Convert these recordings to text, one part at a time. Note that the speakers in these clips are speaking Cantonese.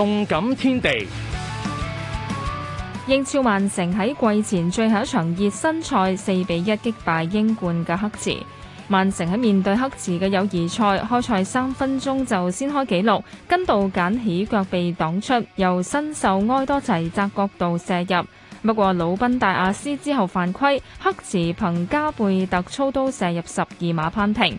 動感天地，英超曼城喺季前最後一場熱身賽四比一擊敗英冠嘅黑池。曼城喺面對黑池嘅友誼賽，開賽三分鐘就先開紀錄，根度簡起腳被擋出，由新秀埃多齊窄角度射入。不過魯賓大阿斯之後犯規，黑池憑加貝特操刀射入十二碼攀平。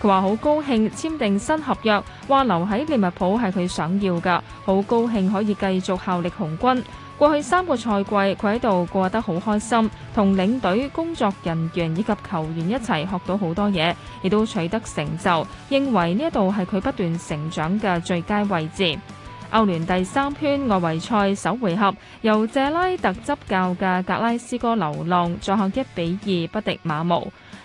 佢話好高興簽訂新合約，話留喺利物浦係佢想要嘅，好高興可以繼續效力紅軍。過去三個賽季佢喺度過得好開心，同領隊、工作人員以及球員一齊學到好多嘢，亦都取得成就，認為呢一度係佢不斷成長嘅最佳位置。歐聯第三圈外圍賽首回合，由謝拉特執教嘅格拉斯哥流浪作客一比二不敵馬毛。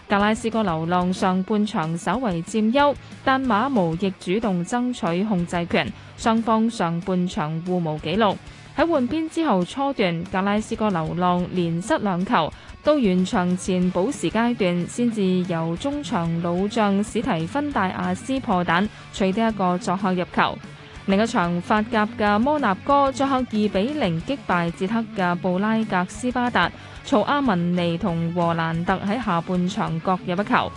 格拉斯哥流浪上半場稍為佔優，但馬毛亦主動爭取控制權，雙方上半場互無紀錄。喺換邊之後初段，格拉斯哥流浪連失兩球，到完場前補時階段，先至由中場老將史提芬戴亞斯破蛋，取得一個作客入球。另一場法甲嘅摩納哥，最後二比零擊敗捷克嘅布拉格斯巴達，曹阿文尼同和，和蘭特喺下半場各有一球。